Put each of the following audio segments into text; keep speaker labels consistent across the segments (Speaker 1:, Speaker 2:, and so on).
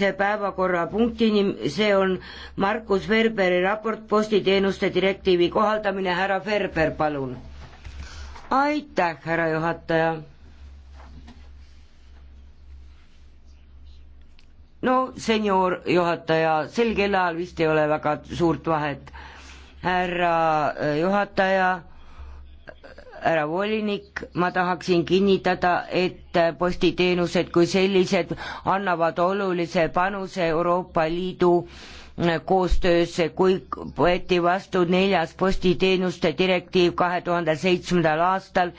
Speaker 1: päevakorrapunktini, see on Markus Ferberi raport postiteenuste direktiivi kohaldamine, härra Ferber, palun. aitäh, härra juhataja. no senior juhataja, sel kellaajal vist ei ole väga suurt vahet. härra eh, juhataja härra volinik, ma tahaksin kinnitada, et postiteenused kui sellised annavad olulise panuse Euroopa Liidu koostöösse, kui võeti vastu neljas postiteenuste direktiiv kahe tuhande seitsmendal aastal,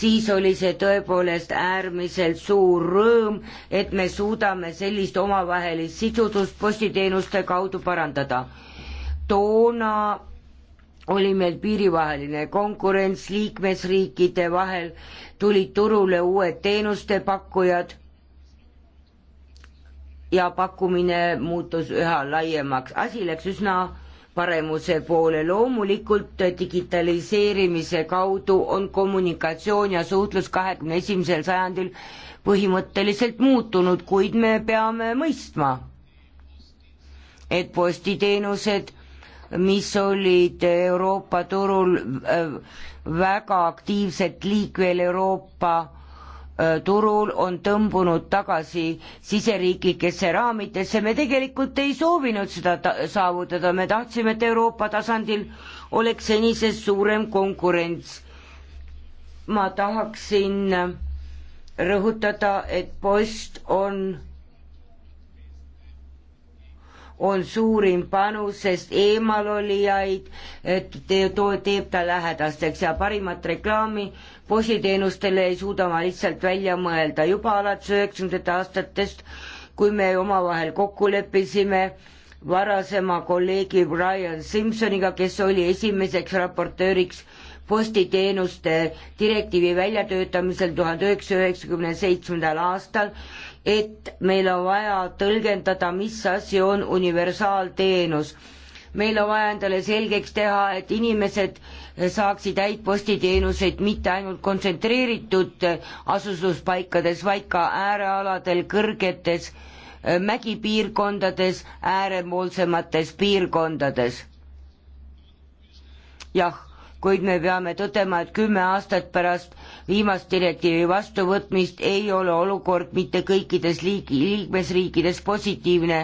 Speaker 1: siis oli see tõepoolest äärmiselt suur rõõm, et me suudame sellist omavahelist sidudust postiteenuste kaudu parandada. toona oli meil piirivaheline konkurents liikmesriikide vahel, tulid turule uued teenustepakkujad ja pakkumine muutus üha laiemaks, asi läks üsna paremuse poole, loomulikult digitaliseerimise kaudu on kommunikatsioon ja suhtlus kahekümne esimesel sajandil põhimõtteliselt muutunud, kuid me peame mõistma, et postiteenused mis olid Euroopa turul äh, väga aktiivselt liikvel Euroopa äh, turul on tõmbunud tagasi siseriiklikesse raamidesse, me tegelikult ei soovinud seda saavutada, me tahtsime, et Euroopa tasandil oleks senisest suurem konkurents. ma tahaksin rõhutada, et post on on suurim panus, sest eemalolijaid teeb ta lähedasteks ja parimat reklaami postiteenustele ei suuda ma lihtsalt välja mõelda. juba alates üheksakümnendate aastatest, kui me omavahel kokku leppisime, varasema kolleegi Brian Simsoniga, kes oli esimeseks raportööriks postiteenuste direktiivi väljatöötamisel tuhande üheksasaja üheksakümne seitsmendal aastal et meil on vaja tõlgendada, mis asi on universaalteenus. meil on vaja endale selgeks teha, et inimesed saaksid häid postiteenuseid mitte ainult kontsentreeritud asustuspaikades, vaid ka äärealadel, kõrgetes äh, mägipiirkondades, äärepoolsemates piirkondades. jah kuid me peame tõdema, et kümme aastat pärast viimast direktiivi vastuvõtmist ei ole olukord mitte kõikides liigi, liikmesriikides positiivne.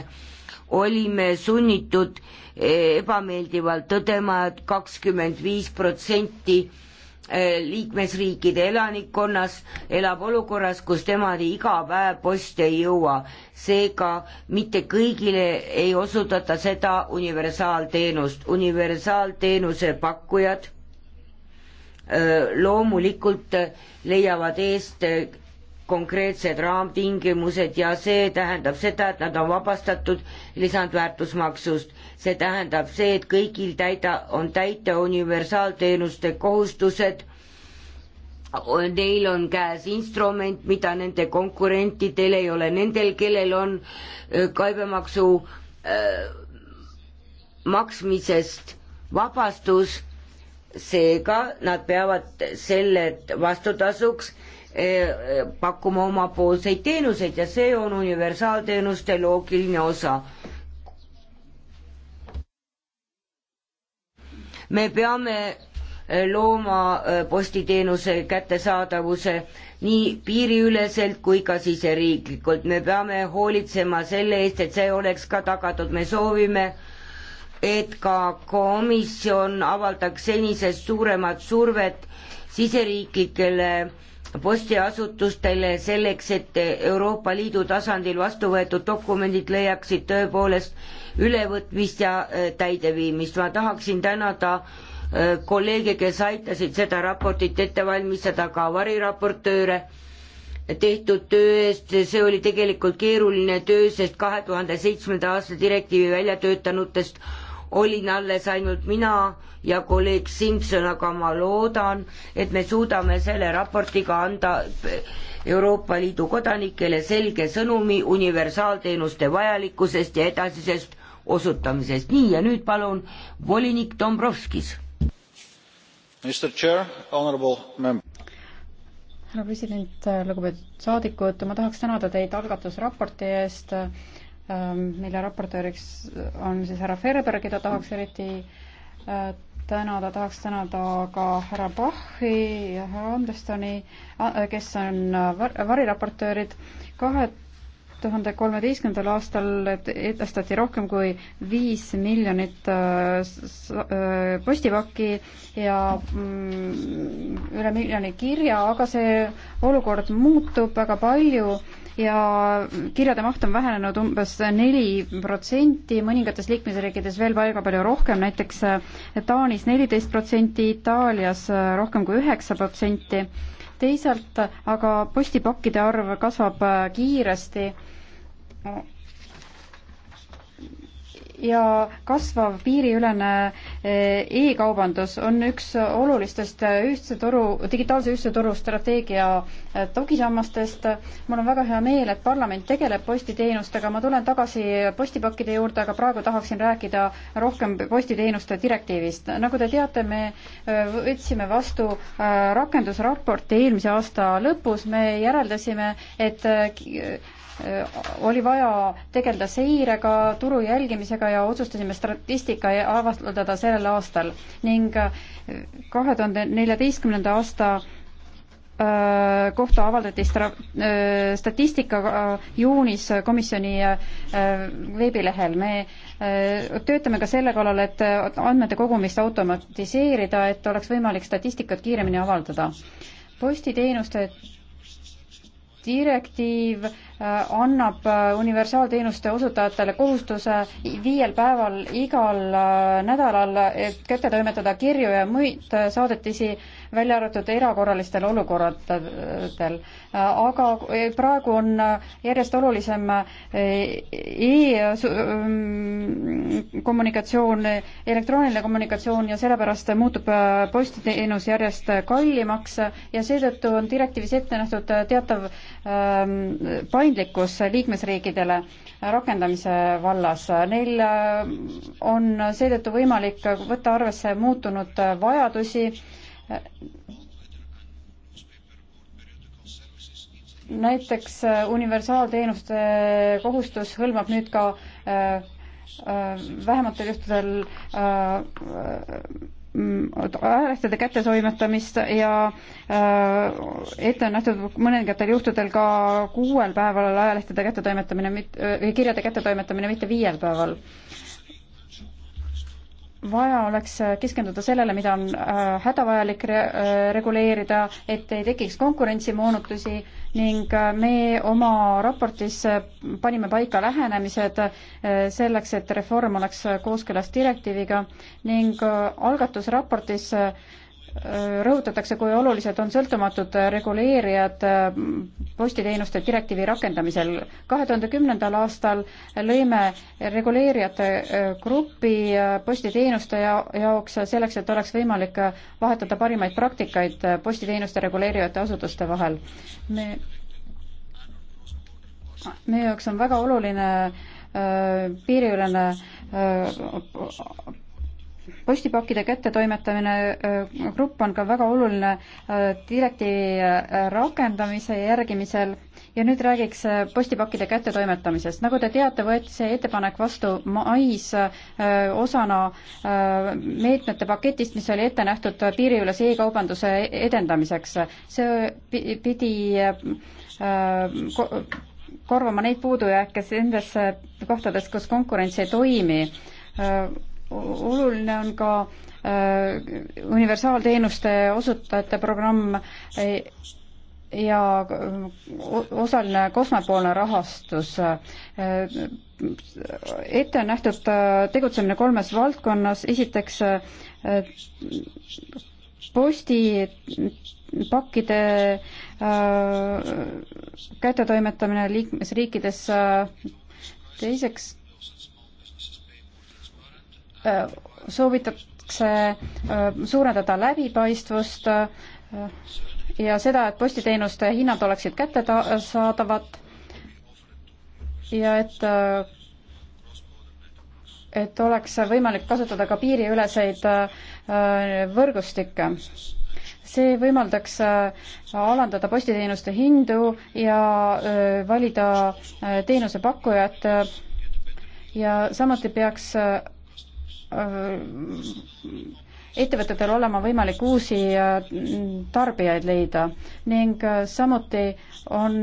Speaker 1: olime sunnitud eh, ebameeldivalt tõdema et, et kakskümmend viis protsenti eh, liikmesriikide elanikkonnas elab olukorras, kus temani iga päev post ei jõua. seega mitte kõigile ei osutata seda universaalteenust, universaalteenuse pakkujad loomulikult äh, leiavad eest äh, konkreetsed raamtingimused ja see tähendab seda, et nad on vabastatud lisandväärtusmaksust. see tähendab see, et kõigil täida, on täita universaalteenuste kohustused, neil on käes instrument, mida nende konkurentidel ei ole, nendel, kellel on käibemaksu äh, maksmisest vabastus seega nad peavad selle vastutasuks eh, eh, pakkuma omapoolseid teenuseid ja see on universaalteenuste loogiline osa. me peame eh, looma postiteenuse kättesaadavuse nii piiriüleselt kui ka siseriiklikult, me peame hoolitsema selle eest, et see oleks ka tagatud, me soovime äh, et ka komisjon avaldaks senisest suuremat survet siseriiklikele postiasutustele selleks, et Euroopa Liidu tasandil vastu võetud dokumendid leiaksid tõepoolest ülevõtmist ja äh, täideviimist. ma tahaksin tänada äh, kolleege, kes aitasid seda raportit ette valmistada, ka variraportööre tehtud töö eest, see oli tegelikult keeruline töö, sest kahe tuhande seitsmenda aasta direktiivi väljatöötanutest olin alles ainult mina ja kolleeg Simson, aga ma loodan, et me suudame selle raportiga anda Euroopa Liidu kodanikele selge sõnumi universaalteenuste vajalikkusest ja edasisest osutamisest. nii, ja nüüd palun volinik Dombrovskis.
Speaker 2: härra
Speaker 3: president, lugupeetud saadikud, ma tahaks tänada teid algatusraporti eest Ehm, mille raportööriks on siis härra Ferber, keda tahaks eriti äh, tänada, tahaks tänada ka härra Bachi ja härra Andersoni, äh, kes on äh, variraportöörid. kahe tuhande kolmeteistkümnendal aastal edastati rohkem kui viis miljonit postipakki ja mm, üle miljoni kirja, aga see olukord muutub väga palju ja kirjade maht on vähenenud umbes neli protsenti, mõningates liikmesriikides veel väga palju rohkem, näiteks eh, Taanis neliteist protsenti, Itaalias eh, rohkem kui üheksa protsenti. teisalt aga postipakkide arv kasvab eh, kiiresti ja kasvav piiriülene eh, e-kaubandus on üks olulistest ühtse toru, digitaalse ühtse toru strateegia eh, tugisammastest. mul on väga hea meel, et parlament tegeleb postiteenustega, ma tulen tagasi postipakkide juurde, aga praegu tahaksin rääkida rohkem postiteenuste direktiivist. nagu te teate, me eh, võtsime vastu rakendusraporti eelmise aasta lõpus, me järeldasime, et Äh, oli vaja tegeleda seirega, turu jälgimisega ja otsustasime statistika avastada sellel aastal ning äh, kahe tuhande neljateistkümnenda aasta äh, kohta avaldati stra-, statistika juunis komisjoni veebilehel. me töötame ka selle kallal, et andmete kogumist automatiseerida, et oleks võimalik statistikat kiiremini avaldada. postiteenuste direktiiv annab äh, universaalteenuste osutajatele kohustuse viiel päeval igal äh, nädalal kätte toimetada kirju ja muid äh, saadetisi välja arvatud erakorralistel olukordadel. aga praegu on järjest olulisem e-kommunikatsioon, elektrooniline kommunikatsioon ja sellepärast muutub postiteenus järjest kallimaks ja seetõttu on direktiivis ette nähtud teatav ähm, paindlikkus liikmesriikidele rakendamise vallas. Neil ähm, on seetõttu võimalik võtta arvesse muutunud vajadusi näiteks äh, universaalteenuste kohustus hõlmab nüüd ka äh, äh, vähematel juhtudel ajalehtede kättetoimetamist ja ette on nähtud mõningatel juhtudel ka kuuel päeval ajalehtede kättetoimetamine, kirjade kättetoimetamine, mitte viiel päeval vaja oleks keskenduda sellele, mida on äh, hädavajalik re äh, reguleerida, et ei tekiks konkurentsimoonutusi ning äh, me oma raportis panime paika lähenemised selleks, et reform oleks kooskõlas direktiiviga ning algatusraportis rõhutatakse, kui olulised on sõltumatud reguleerijad mm, postiteenuste direktiivi rakendamisel. kahe tuhande kümnendal aastal lõime reguleerijate äh, gruppi äh, postiteenuste ja, jaoks selleks, et oleks võimalik vahetada parimaid praktikaid äh, postiteenuste reguleerivate asutuste vahel. me, meie jaoks on väga oluline piiriülene postipakkide kättetoimetamine äh, grupp on ka väga oluline äh, direktiivi äh, rakendamise ja järgimisel ja nüüd räägiks postipakkide kättetoimetamisest. nagu te teate, võeti see ettepanek vastu mais osana meetmete paketist, mis oli ette nähtud piiriülese e-kaubanduse edendamiseks. see pidi korvama neid puudujääke nendes kohtades, kus konkurents ei toimi oluline on ka äh, universaalteenuste osutajate programm äh, ja äh, osaline kosmopoolne rahastus. ette on nähtud tegutsemine kolmes valdkonnas, esiteks postipakkide kättetoimetamine liikmesriikides, teiseks Äh, soovitakse äh, suurendada läbipaistvust äh, ja seda, et postiteenuste hinnad oleksid kättesaadavad ja et et oleks võimalik kasutada ka piiriüleseid võrgustikke. see võimaldaks alandada postiteenuste hindu ja valida teenusepakkujat ja samuti peaks Äh, ettevõtetel olema võimalik uusi äh, tarbijaid leida ning äh, samuti on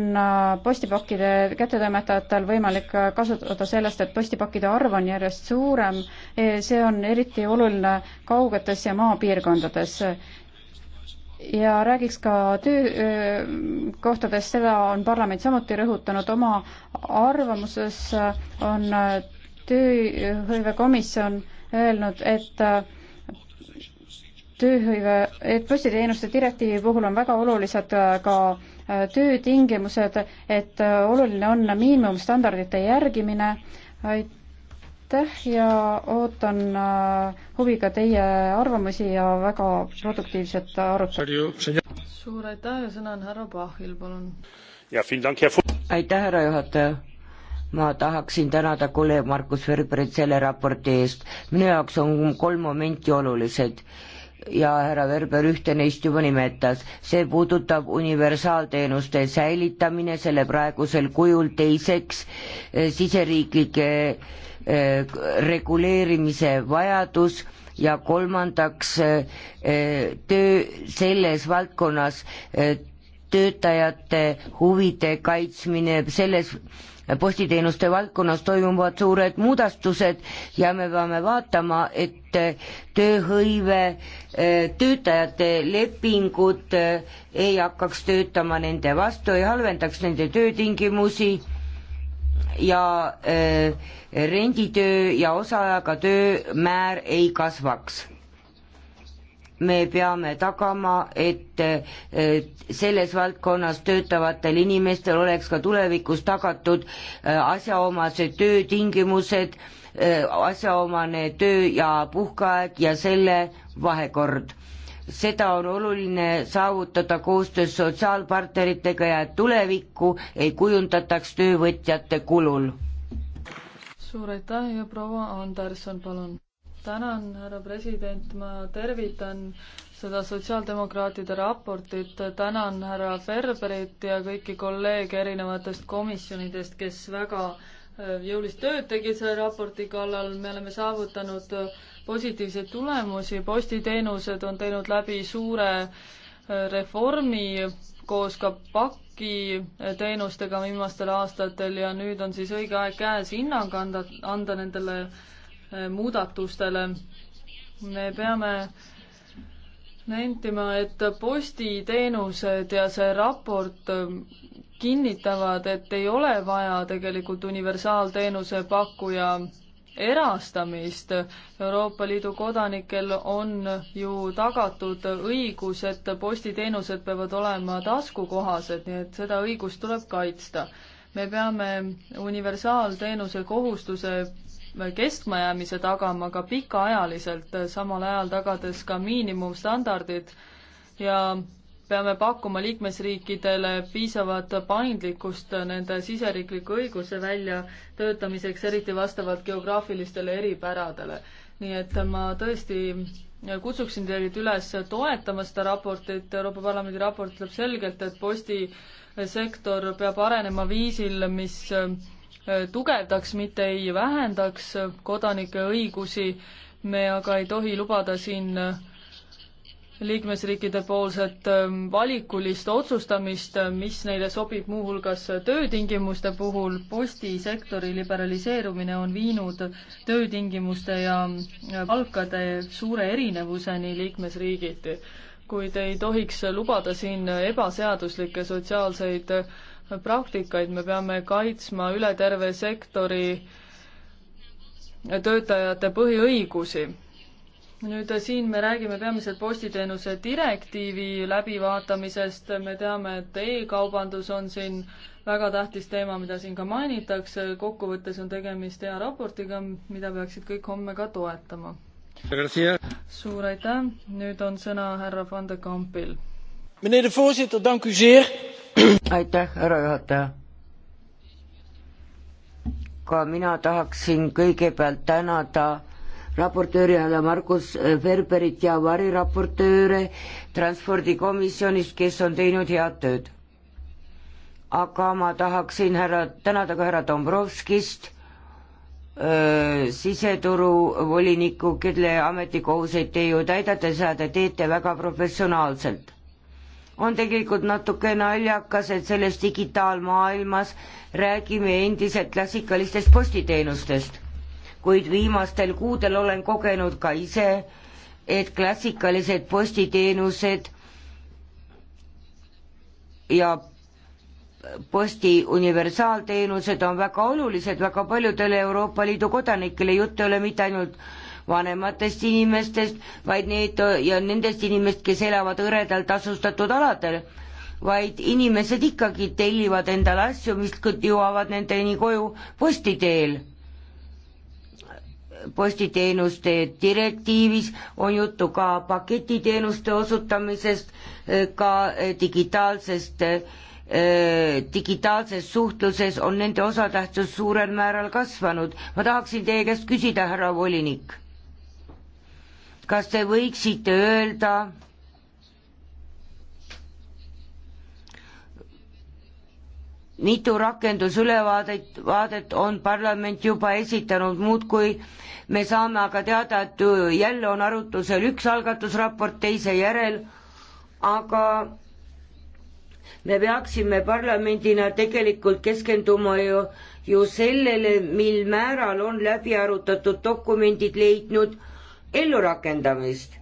Speaker 3: postipakkide kättetoimetajatel võimalik kasutada sellest, et postipakkide arv on järjest suurem. E, see on eriti oluline kaugetes ja maapiirkondades ja räägiks ka töökohtadest, seda on parlament samuti rõhutanud oma arvamuses, on tööhõivekomisjon äh, öelnud, et äh, tööhõive, et bussiteenuste direktiivi puhul on väga olulised äh, ka äh, töötingimused, et oluline on miinimumstandardite järgimine. aitäh ja ootan huviga teie arvamusi
Speaker 1: ja väga produktiivset arutelu.
Speaker 4: suur aitäh ja sõna on härra Pahvil, palun.
Speaker 1: aitäh, härra juhataja ma tahaksin tänada kolleeg Markus Verbrit selle raporti eest, minu jaoks on kolm momenti olulised ja härra Verber ühte neist juba nimetas, see puudutab universaalteenuste säilitamine selle praegusel kujul, teiseks eh, siseriiklike eh, reguleerimise vajadus ja kolmandaks eh, töö selles valdkonnas töötajate huvide kaitsmine selles postiteenuste valdkonnas toimuvad suured muudatused ja me peame vaatama, et tööhõive, töötajate lepingud eh, ei hakkaks töötama nende vastu, ei halvendaks nende töötingimusi ja eh, renditöö ja osaajaga töö määr ei kasvaks me peame tagama, et eh, selles valdkonnas töötavatel inimestel oleks ka tulevikus tagatud eh, asjaomased töötingimused, eh, asjaomane töö ja puhkeaeg ja selle vahekord. seda on oluline saavutada koostöös sotsiaalpartneritega ja et tulevikku ei kujundataks töövõtjate kulul.
Speaker 4: suur aitäh ja proua Anderson, palun tänan, härra president, ma tervitan seda sotsiaaldemokraatide raportit, tänan härra Ferberit ja kõiki kolleege erinevatest komisjonidest, kes väga äh, jõulist tööd tegid selle raporti kallal, me oleme saavutanud äh, positiivseid tulemusi, postiteenused on teinud läbi suure äh, reformi koos ka pakiteenustega viimastel aastatel ja nüüd on siis õige aeg käes hinnang anda, anda nendele Äh, muudatustele. me peame nentima, et postiteenused ja see raport äh, kinnitavad, et ei ole vaja tegelikult universaalteenuse pakkuja erastamist. Euroopa Liidu kodanikel on ju tagatud õigus, et postiteenused peavad olema taskukohased, nii et seda õigust tuleb kaitsta. me peame universaalteenuse kohustuse keskmajäämise tagama ka pikaajaliselt, samal ajal tagades ka miinimumstandardid ja peame pakkuma liikmesriikidele piisavat paindlikkust nende siseriikliku õiguse väljatöötamiseks, eriti vastavalt geograafilistele eripäradele. nii et ma tõesti kutsuksin teid üles toetama seda raportit, Euroopa Parlamendi raport ütleb selgelt, et postisektor peab arenema viisil, mis tugevdaks, mitte ei vähendaks kodanike õigusi. me aga ei tohi lubada siin liikmesriikide poolset ähm, valikulist otsustamist, mis neile sobib muuhulgas töötingimuste puhul. postisektori liberaliseerumine on viinud töötingimuste ja äh, palkade suure erinevuseni liikmesriigiti, kuid ei tohiks lubada siin ebaseaduslikke sotsiaalseid äh, praktikaid, me peame kaitsma üle terve sektori töötajate põhiõigusi. nüüd äh, siin me räägime peamiselt postiteenuse direktiivi läbivaatamisest, me teame, et e-kaubandus on siin väga tähtis teema, mida siin ka mainitakse, kokkuvõttes on tegemist hea raportiga, mida peaksid kõik homme ka toetama. suur aitäh, nüüd on sõna härra Van de Kampil.
Speaker 1: meneer de voorzitter, dank u zeer aitäh, härra juhataja. ka mina tahaksin kõigepealt tänada raportööri härra Margus Ferberit ja variraportööre transpordikomisjonist, kes on teinud head tööd. aga ma tahaksin härra, tänada ka härra Dombrovskist, siseturu voliniku, kelle ametikohuseid te ju täidate, seda te teete väga professionaalselt on tegelikult natuke naljakas, et selles digitaalmaailmas räägime endiselt klassikalistest postiteenustest. kuid viimastel kuudel olen kogenud ka ise, et klassikalised postiteenused ja posti universaalteenused on väga olulised väga paljudele Euroopa Liidu kodanikele, jutt ei ole mitte ainult vanematest inimestest, vaid need ja nendest inimest, kes elavad hõredalt asustatud aladel, vaid inimesed ikkagi tellivad endale asju, mis jõuavad nendeni koju posti teel. postiteenuste direktiivis on juttu ka paketiteenuste osutamisest, eh, ka eh, digitaalsest eh, digitaalses suhtluses on nende osatähtsus suurel määral kasvanud. ma tahaksin teie käest küsida, härra volinik, kas te võiksite öelda, mitu rakendusülevaadet, vaadet on parlament juba esitanud, muudkui me saame aga teada, et jälle on arutlusel üks algatusraport teise järel, aga me peaksime parlamendina tegelikult keskenduma ju, ju sellele, mil määral on läbi arutatud dokumendid leidnud äh, ellurakendamist.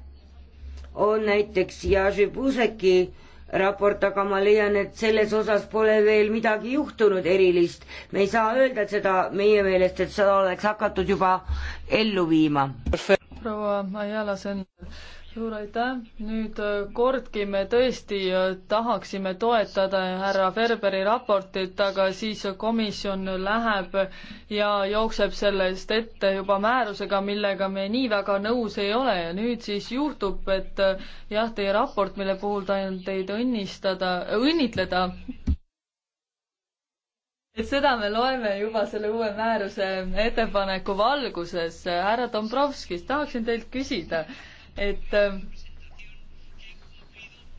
Speaker 1: on näiteks Jaži Puseki raport, aga ma leian, et selles osas pole veel midagi juhtunud erilist. me ei saa öelda, et seda meie meelest, et seda oleks hakatud juba ellu viima. proua Ajala, see on
Speaker 4: suur aitäh, nüüd äh, kordki me tõesti äh, tahaksime toetada härra Ferberi raportit, aga siis komisjon läheb ja jookseb sellest ette juba määrusega, millega me nii väga nõus ei ole ja nüüd siis juhtub, et äh, jah, teie raport, mille puhul tahan teid õnnistada, õnnitleda, et seda me loeme juba selle uue määruse ettepaneku valguses. härra Dombrovskis, tahaksin teilt küsida et äh,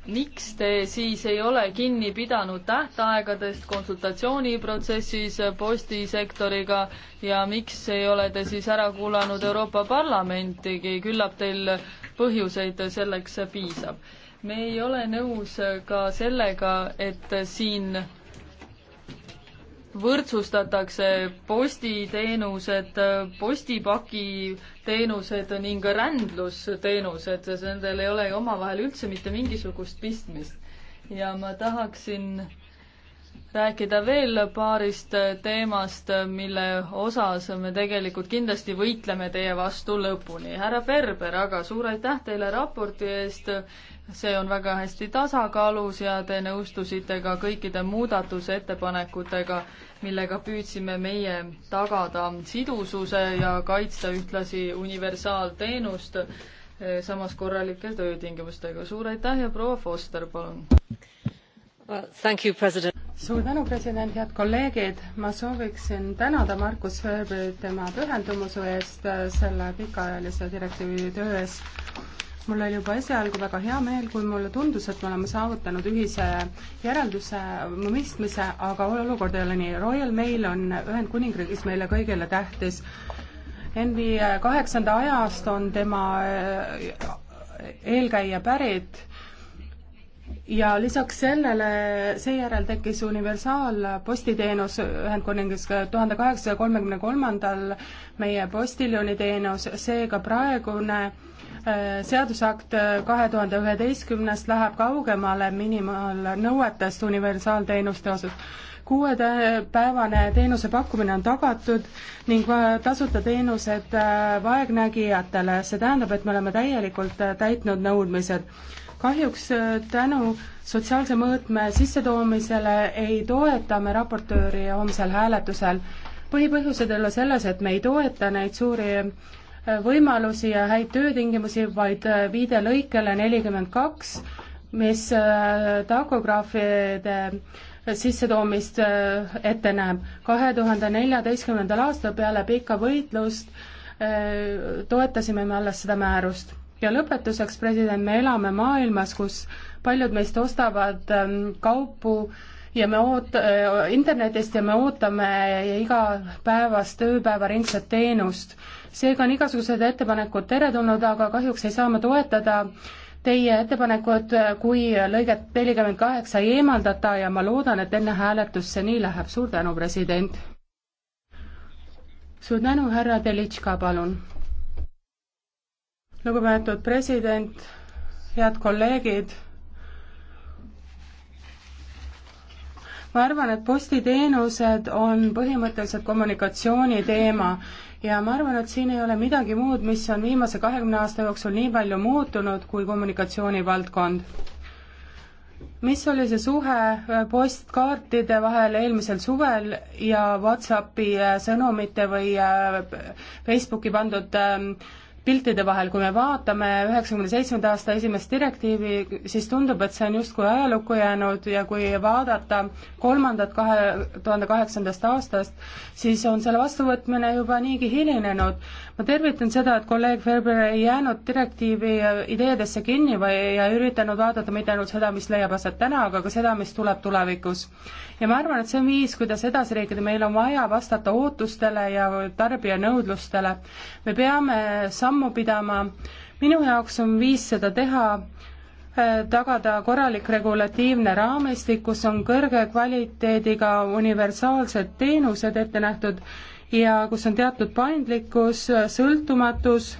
Speaker 4: miks te siis ei ole kinni pidanud tähtaegadest konsultatsiooniprotsessis äh, postisektoriga ja miks ei ole te siis ära kuulanud Euroopa Parlamentigi, küllap teil põhjuseid selleks piisab. me ei ole nõus äh, ka sellega, et siin võrdsustatakse postiteenused, postipaki teenused ning rändlusteenused, sest nendel ei ole ju omavahel üldse mitte mingisugust pistmist. ja ma tahaksin rääkida veel paarist teemast, mille osas me tegelikult kindlasti võitleme teie vastu lõpuni. härra Ferber, aga suur aitäh teile raporti eest see on väga hästi tasakaalus ja te nõustusite ka kõikide muudatusettepanekutega, millega püüdsime meie tagada sidususe ja kaitsta ühtlasi universaalteenust eh, samas korralike töötingimustega. suur aitäh ja proua Foster, palun well,!
Speaker 5: suur tänu, president, head kolleegid, ma sooviksin tänada Markus Veebi tema pühendumuse eest eh, selle pikaajalise direktiivi töö eest mul oli juba esialgu väga hea meel, kui mulle tundus, et me oleme saavutanud ühise järelduse, mõistmise, aga olukord ei ole nii. Royal Mail on Ühendkuningriigis meile kõigile tähtis. Henry kaheksanda ajast on tema äh, eelkäija pärit ja lisaks sellele, seejärel tekkis universaalpostiteenus Ühendkuningriigis tuhande kaheksasaja kolmekümne kolmandal meie postiljoniteenus, seega praegune Äh, seadusakt äh, kahe tuhande üheteistkümnest läheb kaugemale minimaalnõuetest universaalteenuste osas. kuuepäevane teenuse pakkumine on tagatud ning tasuta teenused äh, vaegnägijatele, see tähendab, et me oleme täielikult täitnud nõudmised kahjuks tänu sotsiaalse mõõtme sissetoomisele ei toeta me raportööri homsel hääletusel. põhipõhjused ei ole selles, et me ei toeta neid suuri võimalusi ja häid töötingimusi, vaid äh, viide lõikele nelikümmend kaks, mis äh, takograafide äh, sissetoomist ette näeb. kahe tuhande neljateistkümnendal aastal peale pikka võitlust toetasime me alles seda määrust. ja lõpetuseks, president, me elame maailmas, kus paljud meist ostavad ähm, kaupu ja me oot-, äh, internetist ja me ootame igapäevast ööpäevaringset teenust. seega on igasugused ettepanekud teretulnud, aga kahjuks ei saa me toetada teie ettepanekut, kui lõiget nelikümmend kaheksa ei eemaldata ja ma loodan, et enne hääletust see nii läheb. suur tänu, president! suur tänu, härra Delitška, palun! lugupeetud president, head kolleegid ma arvan, et postiteenused on põhimõtteliselt kommunikatsiooni teema ja ma arvan, et siin ei ole midagi muud, mis on viimase kahekümne aasta jooksul nii palju muutunud kui kommunikatsioonivaldkond. mis oli see suhe äh, postkaartide vahel eelmisel suvel ja Whatsappi äh, sõnumite või äh, Facebooki pandud ähm, piltide vahel, kui me vaatame üheksakümne seitsmenda aasta esimest direktiivi, siis tundub, et see on justkui ajalukku jäänud ja kui vaadata kolmandat kahe tuhande kaheksandast aastast, siis on selle vastuvõtmine juba niigi hilinenud ma tervitan seda, et kolleeg Ferber ei jäänud direktiivi ideedesse kinni või ei üritanud vaadata mitte ainult seda, mis leiab aset täna, aga ka seda, mis tuleb tulevikus. ja ma arvan, et see on viis, kuidas edasi liikuda, meil on vaja vastata ootustele ja tarbija nõudlustele. me peame sammu pidama, minu jaoks on viis seda teha eh, tagada korralik regulatiivne raamistik, kus on kõrge kvaliteediga universaalsed teenused ette nähtud ja kus on teatud paindlikkus, sõltumatus,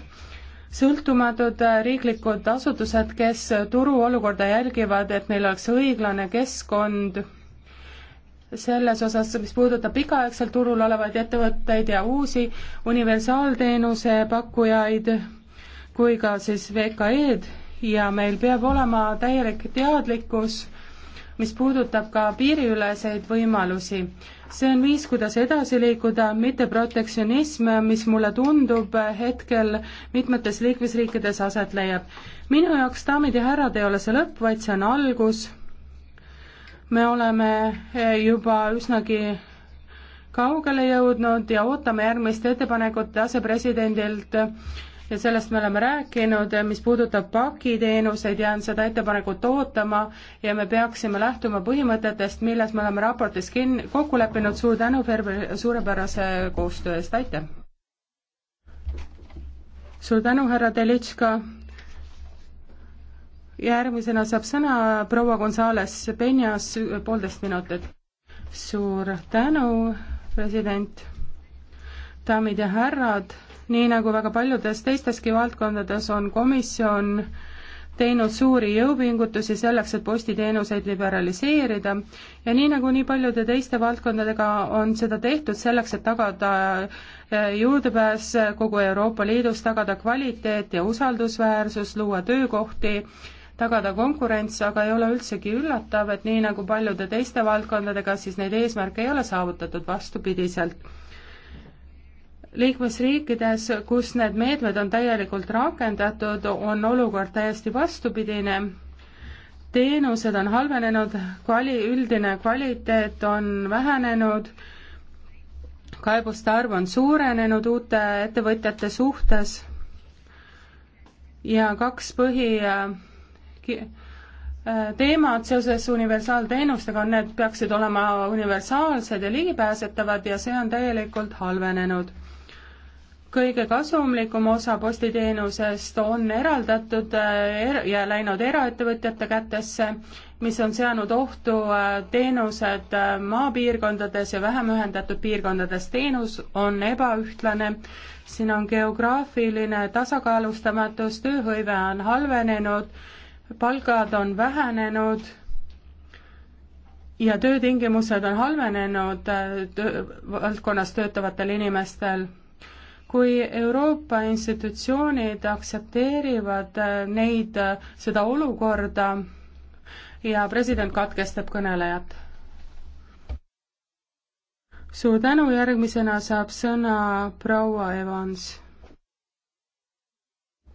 Speaker 5: sõltumatud äh, riiklikud asutused, kes turuolukorda jälgivad, et neil oleks õiglane keskkond selles osas, mis puudutab pikaaegselt turul olevaid ettevõtteid ja uusi universaalteenuse pakkujaid kui ka siis VKE-d ja meil peab olema täielik teadlikkus mis puudutab ka piiriüleseid võimalusi. see on viis, kuidas edasi liikuda, mitte protektsionism, mis mulle tundub hetkel mitmetes liikmesriikides aset leiab. minu jaoks, daamid ja härrad, ei ole see lõpp, vaid see on algus. me oleme juba üsnagi kaugele jõudnud ja ootame järgmist ettepanekut asepresidendilt ja sellest me oleme rääkinud, mis puudutab pakiteenuseid, jään seda ettepanekut ootama ja me peaksime lähtuma põhimõtetest, milles me oleme raportis kin-, kokku leppinud, suur tänu Ferber suurepärase koostöö eest, aitäh! suur tänu, härra Delitška! järgmisena saab sõna proua Gonzales Penjas, poolteist minutit. suur tänu, president! daamid ja härrad! nii nagu väga paljudes teisteski valdkondades on komisjon teinud suuri jõupingutusi selleks, et postiteenuseid liberaliseerida ja nii nagu nii paljude teiste valdkondadega on seda tehtud selleks, et tagada eh, juurdepääs kogu Euroopa Liidus, tagada kvaliteet ja usaldusväärsus, luua töökohti, tagada konkurents, aga ei ole üldsegi üllatav, et nii nagu paljude teiste valdkondadega, siis neid eesmärke ei ole saavutatud vastupidiselt liikmesriikides, kus need meetmed on täielikult rakendatud, on olukord täiesti vastupidine. teenused on halvenenud, kvali-, üldine kvaliteet on vähenenud, kaebuste arv on suurenenud uute ettevõtjate suhtes ja kaks põhi teemad seoses universaalteenustega on, need peaksid olema universaalsed ja ligipääsetavad ja see on täielikult halvenenud kõige kasumlikum osa postiteenusest on eraldatud äh, er-, ja läinud eraettevõtjate kätesse, mis on seadnud ohtu äh, teenused äh, maapiirkondades ja vähem ühendatud piirkondades. teenus on ebaühtlane, siin on geograafiline tasakaalustamatus, tööhõive on halvenenud, palgad on vähenenud ja töötingimused on halvenenud töö, valdkonnas töötavatel inimestel kui Euroopa institutsioonid aktsepteerivad äh, neid, äh, seda olukorda ja president katkestab kõnelejat. suur tänu, järgmisena saab sõna proua Evans.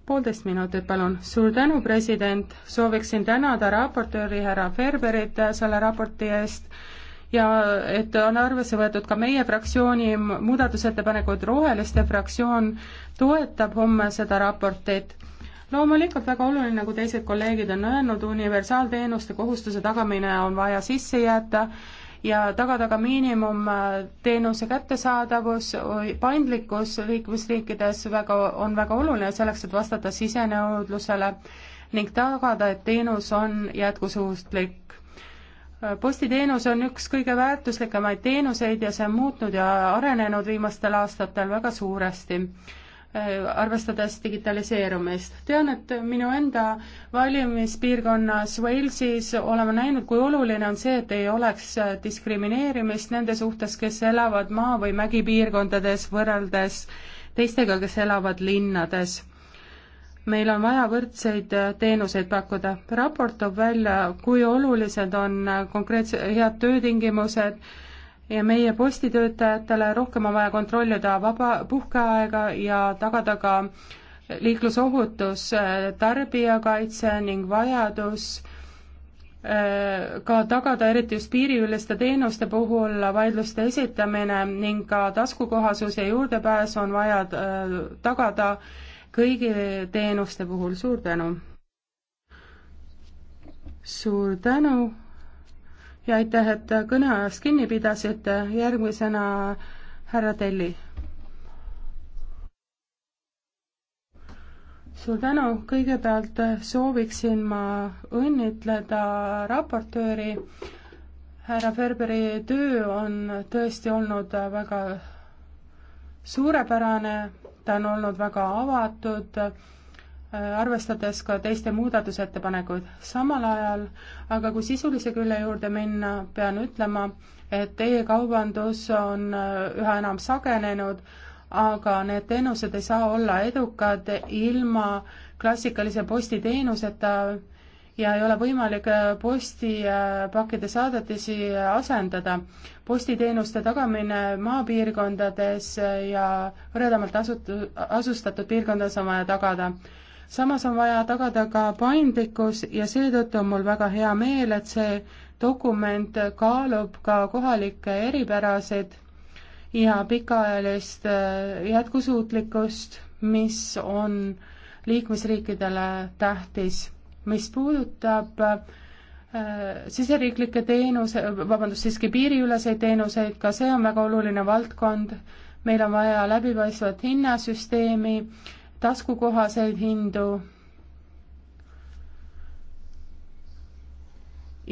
Speaker 5: poolteist minutit, palun. suur tänu, president, sooviksin tänada raportööri härra Ferberit selle raporti eest ja et on arvesse võetud ka meie fraktsiooni muudatusettepanekud, Roheliste fraktsioon toetab homme seda raportit loomulikult väga oluline, nagu teised kolleegid on öelnud, universaalteenuste kohustuse tagamine on vaja sisse jätta ja tagada ka miinimumteenuse äh, kättesaadavus, paindlikkus liikmesriikides väga, on väga oluline selleks, et vastata sisenõudlusele ning tagada, et teenus on jätkusuutlik postiteenus on üks kõige väärtuslikemaid teenuseid ja see on muutnud ja arenenud viimastel aastatel väga suuresti, arvestades digitaliseerumist. tean, et minu enda valimispiirkonnas Walesis oleme näinud, kui oluline on see, et ei oleks diskrimineerimist nende suhtes, kes elavad maa- või mägipiirkondades, võrreldes teistega, kes elavad linnades meil on vaja võrdseid äh, teenuseid pakkuda. raport toob välja, kui olulised on äh, konkreetse, head töötingimused ja meie postitöötajatele rohkem on vaja kontrollida vaba, puhkeaega ja tagada ka liiklusohutus, äh, tarbijakaitse ning vajadus ka tagada eriti just piiriüleste teenuste puhul vaidluste esitamine ning ka taskukohasus ja juurdepääs on vaja tagada kõigi teenuste puhul, suur tänu! suur tänu ja aitäh, et kõneajast kinni pidasite, järgmisena härra Telli. suur tänu, kõigepealt sooviksin ma õnnitleda raportööri, härra Ferberi töö on tõesti olnud väga suurepärane ta on olnud väga avatud, äh, arvestades ka teiste muudatusettepanekuid. samal ajal aga kui sisulise külje juurde minna, pean ütlema, et e-kaubandus on äh, üha enam sagenenud, aga need teenused ei saa olla edukad ilma klassikalise postiteenuseta, ja ei ole võimalik äh, postipakkide äh, saadetisi asendada. postiteenuste tagamine maapiirkondades äh, ja hõredamalt asutu-, asustatud piirkondades on vaja tagada. samas on vaja tagada ka paindlikkus ja seetõttu on mul väga hea meel, et see dokument kaalub ka kohalikke eripärasid ja pikaajalist jätkusuutlikkust, mis on liikmesriikidele tähtis mis puudutab äh, siseriiklikke teenuse, vabandust, siiski piiriüleseid teenuseid, ka see on väga oluline valdkond, meil on vaja läbipaistvat hinnasüsteemi, taskukohaseid hindu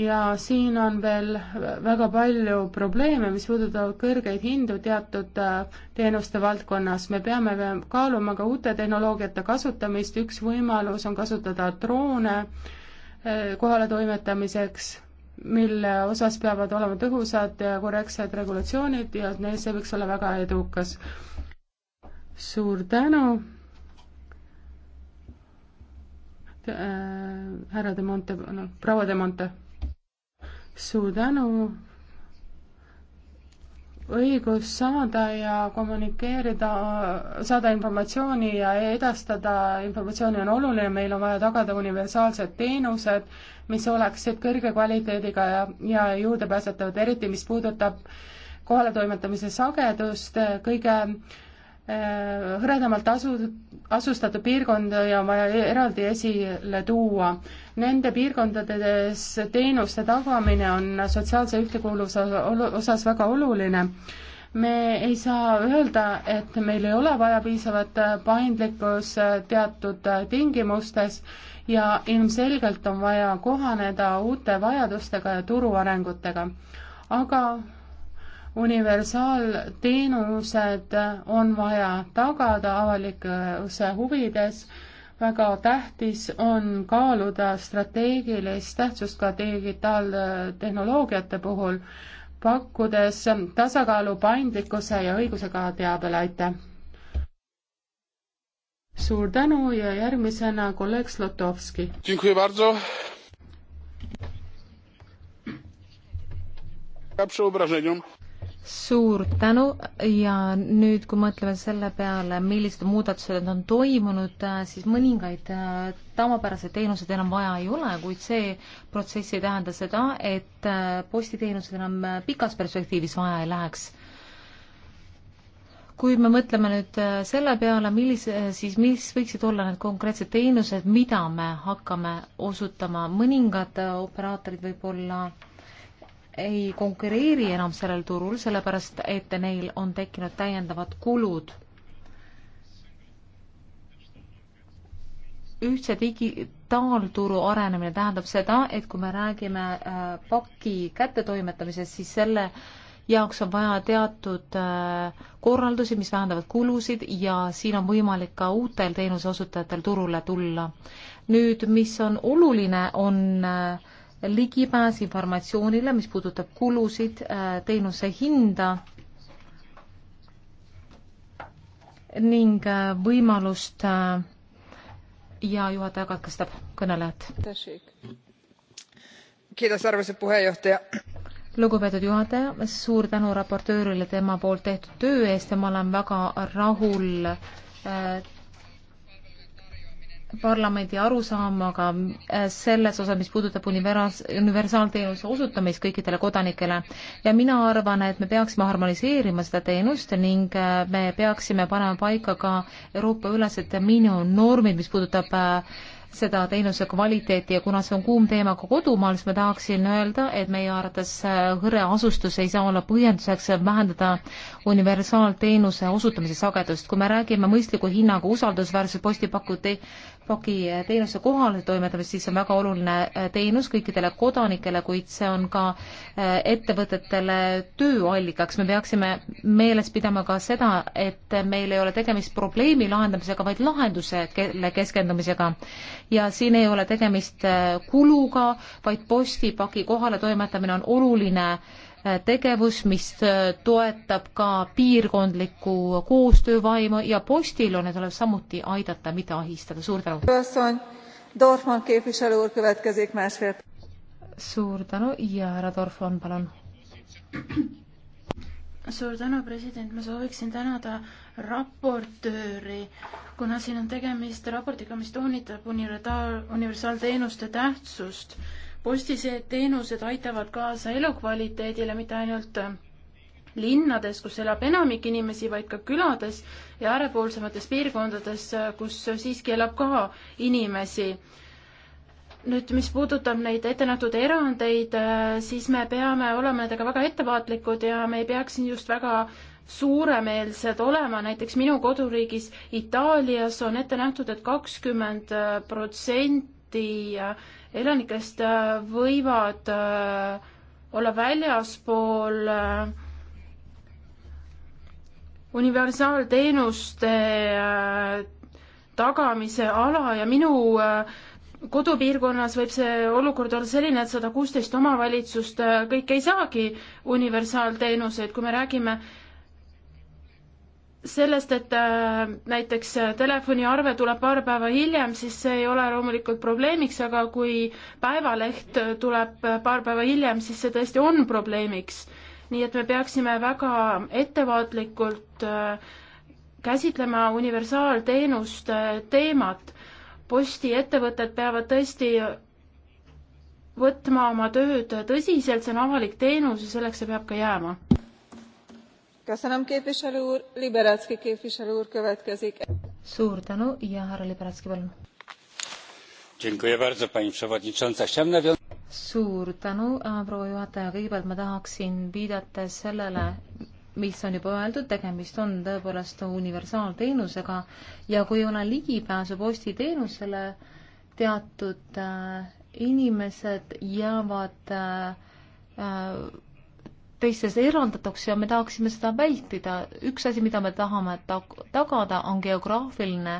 Speaker 5: ja siin on veel väga palju probleeme, mis puudutavad kõrgeid hindu teatud äh, teenuste valdkonnas. me peame kaaluma ka uute tehnoloogiate kasutamist, üks võimalus on kasutada droone äh, kohale toimetamiseks, mille osas peavad olema tõhusad ja korrektsed regulatsioonid ja neil see võiks olla väga edukas. suur tänu äh, härra De Monte, noh, proua De Monte suur tänu. õigus saada ja kommunikeerida, saada informatsiooni ja edastada informatsiooni on oluline, meil on vaja tagada universaalsed teenused, mis oleksid kõrge kvaliteediga ja, ja juurdepääsetavad, eriti mis puudutab kohaletoimetamise sagedust, kõige äh, Äh, hõredamalt asu, asustatud piirkonda ja on vaja e-, eraldi esile tuua. Nende piirkondades teenuste tagamine on sotsiaalse ühtekuuluvuse osas väga oluline. me ei saa öelda, et meil ei ole vaja piisavat paindlikkus teatud tingimustes ja ilmselgelt on vaja kohaneda uute vajadustega ja turu arengutega. aga universaalteenused on vaja tagada avalikkuse huvides, väga tähtis on kaaluda strateegilist tähtsust ka digitaaltehnoloogiate puhul, pakkudes tasakaalu paindlikkuse ja õigusega teabele, aitäh! suur tänu ja järgmisena kolleeg Slotovski
Speaker 2: suur tänu ja nüüd, kui mõtleme selle peale, millised muudatused on toimunud, äh, siis mõningaid äh, tavapäraseid teenuseid enam vaja ei ole, kuid see protsess ei tähenda seda, et äh, postiteenused enam pikas perspektiivis vaja ei läheks. kui me mõtleme nüüd selle peale, millise, siis mis võiksid olla need konkreetsed teenused, mida me hakkame osutama, mõningad operaatorid võib-olla ei konkureeri enam sellel turul, sellepärast et neil on tekkinud täiendavad kulud. ühtse digitaalturu arenemine tähendab seda, et kui me räägime äh, paki kättetoimetamisest, siis selle jaoks on vaja teatud äh, korraldusi, mis vähendavad kulusid ja siin on võimalik ka uutel teenuseosutajatel turule tulla. nüüd, mis on oluline, on äh, ligipääs informatsioonile, mis puudutab kulusid, äh, teenuse hinda ning äh, võimalust äh, ja juhataja katkestab kõnelejat. lugupeetud juhataja, suur tänu raportöörile tema poolt tehtud töö eest ja ma olen väga rahul parlamendi arusaama ka äh, selles osas, mis puudutab universaal, universaalteenuse osutamist kõikidele kodanikele. ja mina arvan, et me peaksime harmoniseerima seda teenust ning äh, me peaksime panema paika ka Euroopa ülesed miinimumnormid, mis puudutab äh, seda teenuse kvaliteeti ja kuna see on kuum teema ka kodumaal, siis ma tahaksin öelda, et meie arvates äh, hõre asustus ei saa olla põhjenduseks vähendada universaalteenuse osutamise sagedust. kui me räägime mõistliku hinnaga usaldusväärse postipakuti paki äh, teenuse kohale toimetamist, siis see on väga oluline äh, teenus kõikidele kodanikele, kuid see on ka ettevõtetele tööallikaks. me peaksime meeles pidama ka seda, et meil ei ole tegemist probleemi lahendamisega, vaid lahenduse keskendumisega ja siin ei ole tegemist äh, kuluga, vaid postipaki kohaletoimetamine on oluline äh, tegevus, mis äh, toetab ka piirkondlikku koostöövaimu ja postil on, et tuleb samuti aidata, mitte ahistada. suur tänu! suur tänu ja härra Dorfman, palun!
Speaker 6: suur tänu, president, ma sooviksin tänada raportööri kuna siin on tegemist raportiga, mis toonitab universaalteenuste tähtsust, postiteenused e-, aitavad kaasa elukvaliteedile mitte ainult äh, linnades, kus elab enamik inimesi, vaid ka külades ja äärepoolsemates piirkondades, äh, kus siiski elab ka inimesi. nüüd, mis puudutab neid ettenähtud erandeid, äh, siis me peame olema nendega väga ettevaatlikud ja me ei peaks siin just väga suuremeelsed olema, näiteks minu koduriigis Itaalias on ette nähtud et, et kakskümmend äh, protsenti äh, elanikest äh, võivad olla väljaspool universaalteenuste tagamise ala ja minu kodupiirkonnas võib see olukord olla selline, et sada kuusteist omavalitsust kõik ei saagi universaalteenuseid, kui me räägime sellest, et äh, näiteks äh, telefoniarve tuleb paar päeva hiljem, siis see ei ole loomulikult probleemiks, aga kui päevaleht äh, tuleb paar päeva hiljem, siis see tõesti on probleemiks. nii et me peaksime väga ettevaatlikult käsitlema universaalteenuste teemat. postiettevõtted peavad tõesti võtma oma tööd tõsiselt, see on avalik teenus ja selleks see peab ka
Speaker 3: jääma
Speaker 4: Köszönöm képviselő úr, Liberácki képviselő úr következik.
Speaker 2: Suur tänu ja härra Liberácki, palun.
Speaker 3: Dziękuję bardzo, pani
Speaker 5: przewodnicząca. Chciałem nawiązać
Speaker 2: suur tänu, äh, proua juhataja, kõigepealt ma tahaksin viidata sellele, mis on juba öeldud, tegemist on tõepoolest universaalteenusega ja kui ei ole ligipääsu postiteenusele, teatud äh, inimesed jäävad äh, äh, teistes eraldatuks ja me tahaksime seda vältida. üks asi, mida me tahame tag tagada, on geograafiline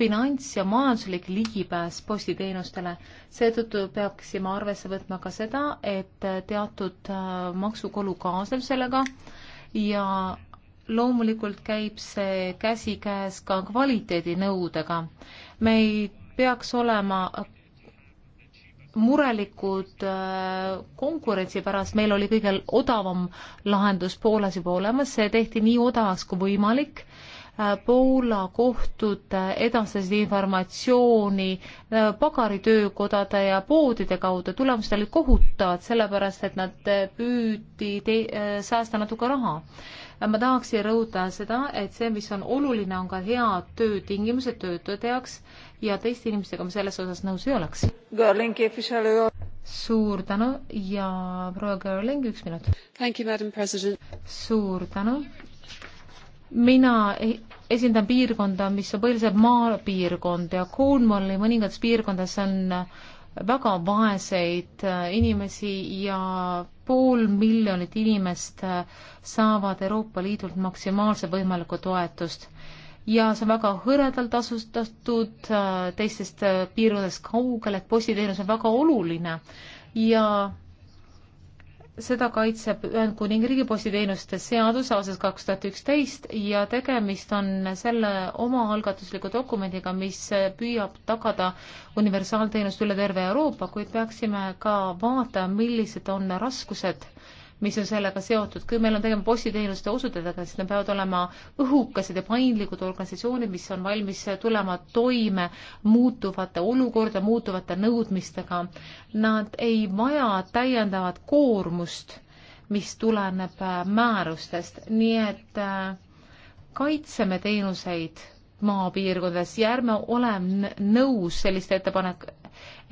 Speaker 2: finants- ja majanduslik ligipääs postiteenustele. seetõttu peaksime arvesse võtma ka seda, et teatud äh, maksukulu kaasneb sellega ja loomulikult käib see käsikäes ka kvaliteedinõudega. me ei peaks olema murelikud äh, konkurentsi pärast, meil oli kõige odavam lahendus Poolas juba olemas, see tehti nii odavaks kui võimalik. Äh, Poola kohtud edastasid informatsiooni äh, pagaritöökodade ja poodide kaudu, tulemused olid kohutavad, sellepärast et nad püüdi te-, säästa natuke raha ma tahaksin rõhutada seda, et see, mis on oluline, on ka head töötingimused töötajate jaoks ja teiste inimestega ma selles osas nõus ei oleks. suur tänu ja proua Gerling, üks minut. suur tänu. mina e-, esindan piirkonda, mis on põhiliselt maapiirkond ja Cornwalli mõningates piirkondades on väga vaeseid äh, inimesi ja pool miljonit inimest äh, saavad Euroopa Liidult maksimaalse võimalikku toetust ja see on väga hõredalt asustatud äh, teistest äh, piirkondadest kaugel, et postiteenus on väga oluline ja seda kaitseb Ühendkuningriigi postiteenuste seadus aastast kaks tuhat üksteist ja tegemist on selle omaalgatusliku dokumendiga, mis püüab tagada universaalteenust üle terve Euroopa, kuid peaksime ka vaatama, millised on raskused äh, mis on sellega seotud. kui meil on tegemist postiteenuste osutajatega, siis nad peavad olema õhukesed ja paindlikud organisatsioonid, mis on valmis tulema toime muutuvate olukorda, muutuvate nõudmistega. Nad ei vaja täiendavat koormust, mis tuleneb äh, määrustest, nii et äh, kaitseme teenuseid maapiirkondades ja ärme ole nõus selliste ettepanek,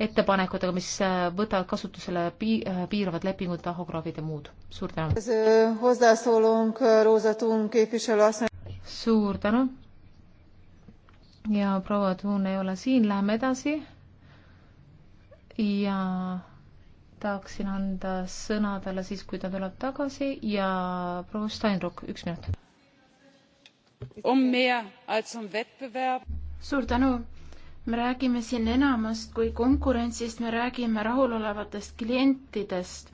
Speaker 2: ettepanekutega, mis äh, võtavad kasutusele pii-, äh, piiravad lepingud, tahograafid ja muud. suur tänu! Äh, suur tänu! ja proua Tuun ei ole siin, läheme edasi ja tahaksin anda sõna talle siis, kui ta tuleb tagasi ja proua Steinruck, üks minut.
Speaker 5: Um um
Speaker 6: suur tänu! me räägime siin enamast kui konkurentsist, me räägime rahulolevatest klientidest.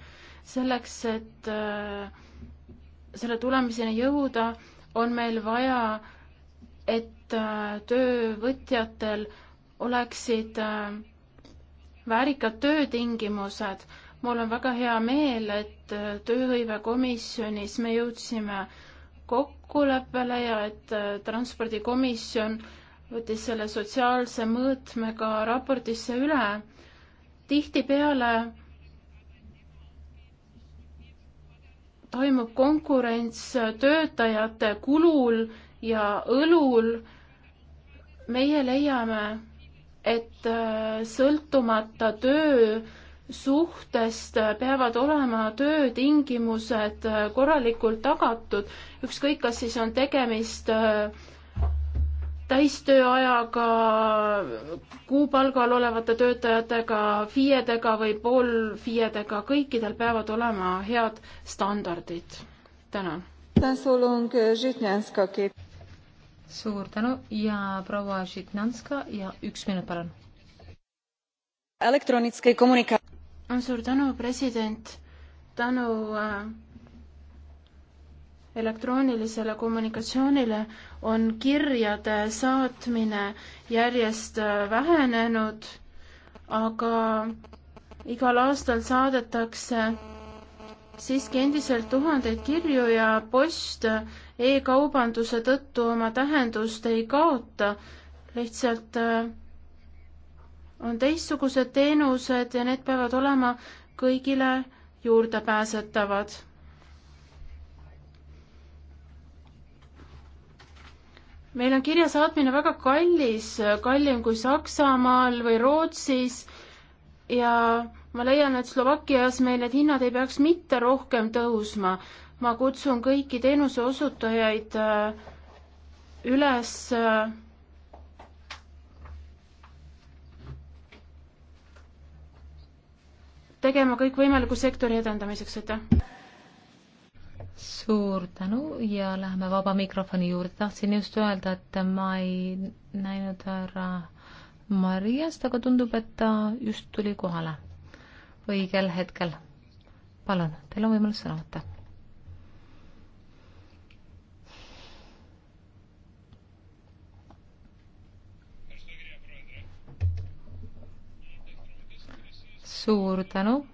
Speaker 6: selleks, et äh, selle tulemiseni jõuda, on meil vaja, et äh, töövõtjatel oleksid äh, väärikad töötingimused. mul on väga hea meel, et tööhõivekomisjonis me jõudsime kokkuleppele ja et transpordikomisjon võttis selle sotsiaalse mõõtmega raportisse üle. tihtipeale toimub konkurents töötajate kulul ja õlul. meie leiame, et äh, sõltumata töö suhtest äh, peavad olema töötingimused äh, korralikult tagatud, ükskõik, kas siis on tegemist äh, täistööajaga, kuupalgal olevate töötajatega, FIE-dega või poolFIE-dega, kõikidel peavad olema head standardid.
Speaker 2: tänan. suur tänu ja proua Žitnanska ja üks minut, palun. elektroonilise kommunika-. suur tänu, president. tänu äh,
Speaker 6: elektroonilisele kommunikatsioonile on kirjade saatmine järjest äh, vähenenud, aga igal aastal saadetakse siiski endiselt tuhandeid kirju ja post e-kaubanduse tõttu oma tähendust ei kaota, lihtsalt äh, on teistsugused teenused ja need peavad olema kõigile juurdepääsetavad meil on kirja saatmine väga kallis, kallim kui Saksamaal või Rootsis ja ma leian, et Slovakkias meil need hinnad ei peaks mitte rohkem tõusma. ma kutsun kõiki teenuseosutajaid äh, üles äh, tegema kõik võimalikku sektori edendamiseks, aitäh!
Speaker 2: suur tänu ja läheme vaba mikrofoni juurde. tahtsin just öelda, et ma ei näinud härra Mariast, aga tundub, et ta just tuli kohale õigel hetkel. palun, teil on võimalus sõna võtta. suur tänu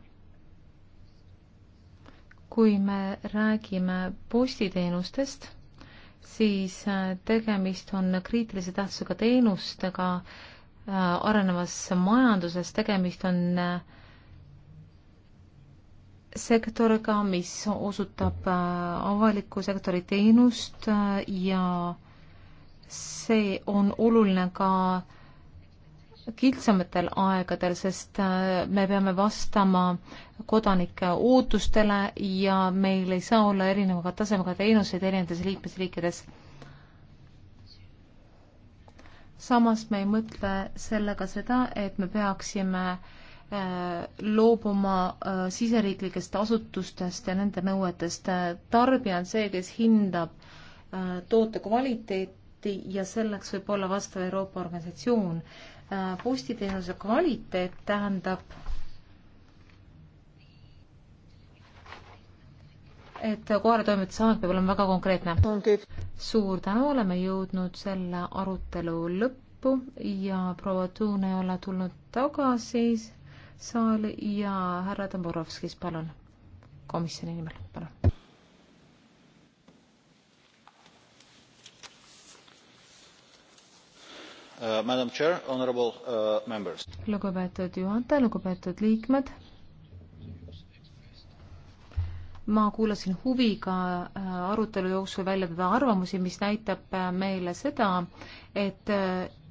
Speaker 2: kui me räägime postiteenustest, siis äh, tegemist on kriitilise tähtsusega teenustega äh, arenevas majanduses, tegemist on äh, sektoriga, mis osutab avaliku sektori teenust ja see on oluline ka äh, kitsamatel aegadel, sest äh, me peame vastama kodanike ootustele ja meil ei saa olla erineva tasemega teenuseid erinevates liikmesriikides. samas me ei mõtle sellega seda, et me peaksime äh, loobuma äh, siseriiklikest asutustest ja nende nõuetest. tarbija on see, kes hindab toote kvaliteeti ja selleks võib olla vastav Euroopa organisatsioon Äh, postiteenuse kvaliteet tähendab, et koeratoimetuse aeg peab olema väga konkreetne. suur tänu, oleme jõudnud selle arutelu lõppu ja proua Tuun ei ole tulnud tagasi saali ja härra Domorovskis, palun, komisjoni nimel, palun.
Speaker 3: Uh, Madam Chair, honorable uh, members.
Speaker 2: lugupeetud juhataja, lugupeetud liikmed. ma kuulasin huviga uh, arutelu jooksul välja teda arvamusi, mis näitab uh, meile seda, et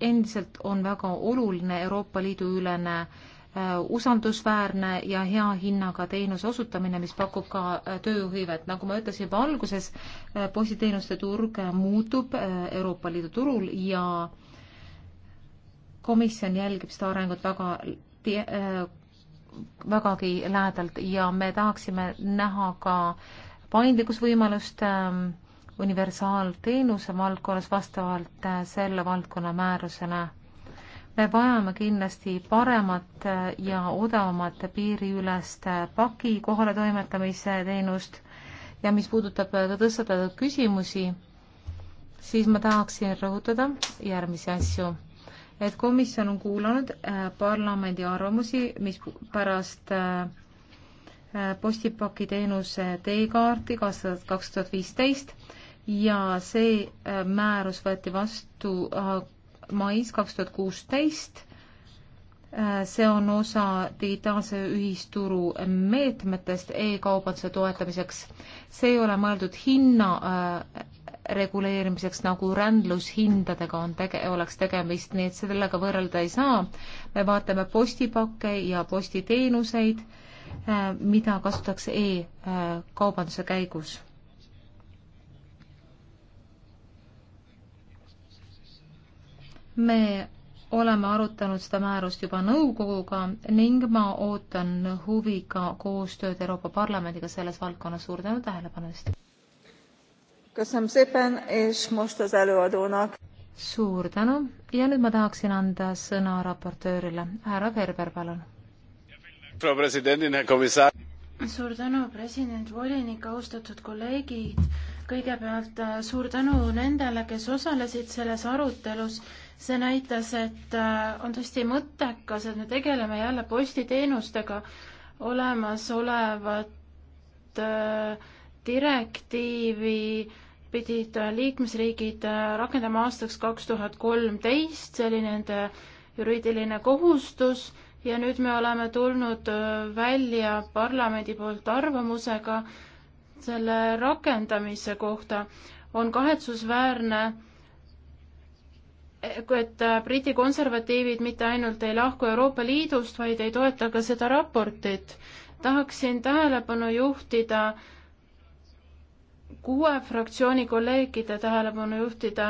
Speaker 2: endiselt on väga oluline Euroopa Liidu ülene usaldusväärne ja hea hinnaga teenuse osutamine, mis pakub ka tööhõivet. nagu ma ütlesin juba alguses, postiteenuste turg muutub Euroopa Liidu turul ja äh, komisjon jälgib seda arengut väga äh, vägagi lähedalt ja me tahaksime näha ka paindlikkusvõimalust ähm, universaalteenuse valdkonnas vastavalt äh, selle valdkonna määrusele. me vajame kindlasti paremat äh, ja odavamat piiriülest paki kohaletoimetamise teenust ja mis puudutab tõstatatud küsimusi, siis ma tahaksin rõhutada järgmisi asju et komisjon on kuulanud äh, parlamendi arvamusi, mis pärast äh, äh, postipakiteenuse teekaarti kaks tuhat viisteist ja see määrus võeti vastu mais kaks tuhat kuusteist. see on osa digitaalse ühisturu meetmetest e-kaubanduse toetamiseks. see ei ole mõeldud hinna reguleerimiseks, nagu rändlushindadega on tege-, oleks tegemist, nii et sellega võrrelda ei saa. me vaatame postipakke ja postiteenuseid, äh, mida kasutatakse e-kaubanduse käigus. me oleme arutanud seda määrust juba nõukoguga ning ma ootan huviga koostööd Euroopa Parlamendiga selles valdkonnas. suur tänu tähelepanu eest! köszönöm szépen, és most az előadónak. suur tänu ja nüüd ma tahaksin anda sõna raportöörile, härra Ferber, palun.
Speaker 6: suur tänu, president, volinik, austatud kolleegid. kõigepealt äh, suur tänu nendele, kes osalesid selles arutelus. see näitas, et äh, on tõesti mõttekas, et me tegeleme jälle postiteenustega olemasolevat äh, direktiivi pidid äh, liikmesriigid äh, rakendama aastaks kaks tuhat kolmteist, see oli nende juriidiline kohustus ja nüüd me oleme tulnud äh, välja parlamendi poolt arvamusega selle rakendamise kohta. on kahetsusväärne, e, et Briti konservatiivid mitte ainult ei lahku Euroopa Liidust, vaid ei toeta ka seda raportit. tahaksin tähelepanu juhtida äh, kuue fraktsiooni kolleegide tähelepanu juhtida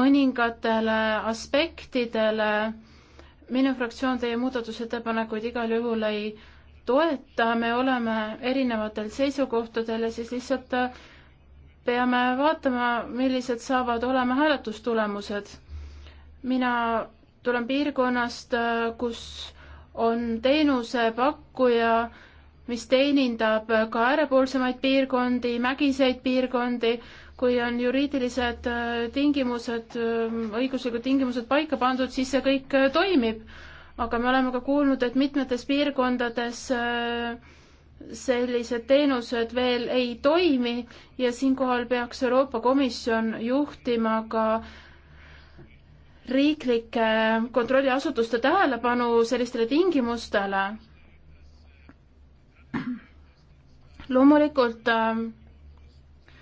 Speaker 6: mõningatele aspektidele. minu fraktsioon teie muudatusettepanekuid igal juhul ei toeta, me oleme erinevatel seisukohtadel ja siis lihtsalt peame vaatama, millised saavad olema hääletustulemused. mina tulen piirkonnast, kus on teenusepakkuja mis teenindab ka äärepoolsemaid piirkondi, mägiseid piirkondi, kui on juriidilised äh, tingimused, äh, õiguslikud tingimused paika pandud, siis see kõik äh, toimib. aga me oleme ka kuulnud, et mitmetes piirkondades sellised teenused veel ei toimi ja siinkohal peaks Euroopa Komisjon juhtima ka riiklike kontrolliasutuste tähelepanu sellistele tingimustele loomulikult ähm, äh,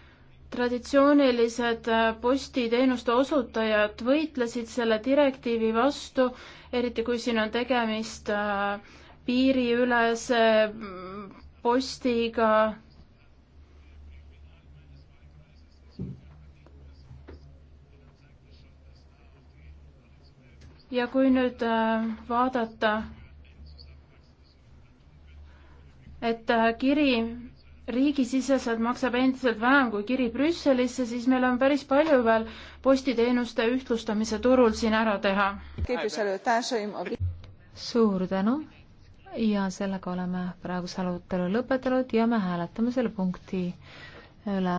Speaker 6: traditsioonilised postiteenuste osutajad võitlesid selle direktiivi vastu, eriti kui siin on tegemist äh, piiriülese mm, postiga. ja kui nüüd äh, vaadata, et äh, kiri riigisiseselt maksab endiselt vähem kui kiri Brüsselisse, siis meil on päris palju veel postiteenuste ühtlustamise turul siin ära teha.
Speaker 2: suur tänu ja sellega oleme praeguse arutelu lõpetanud ja me hääletame selle punkti üle.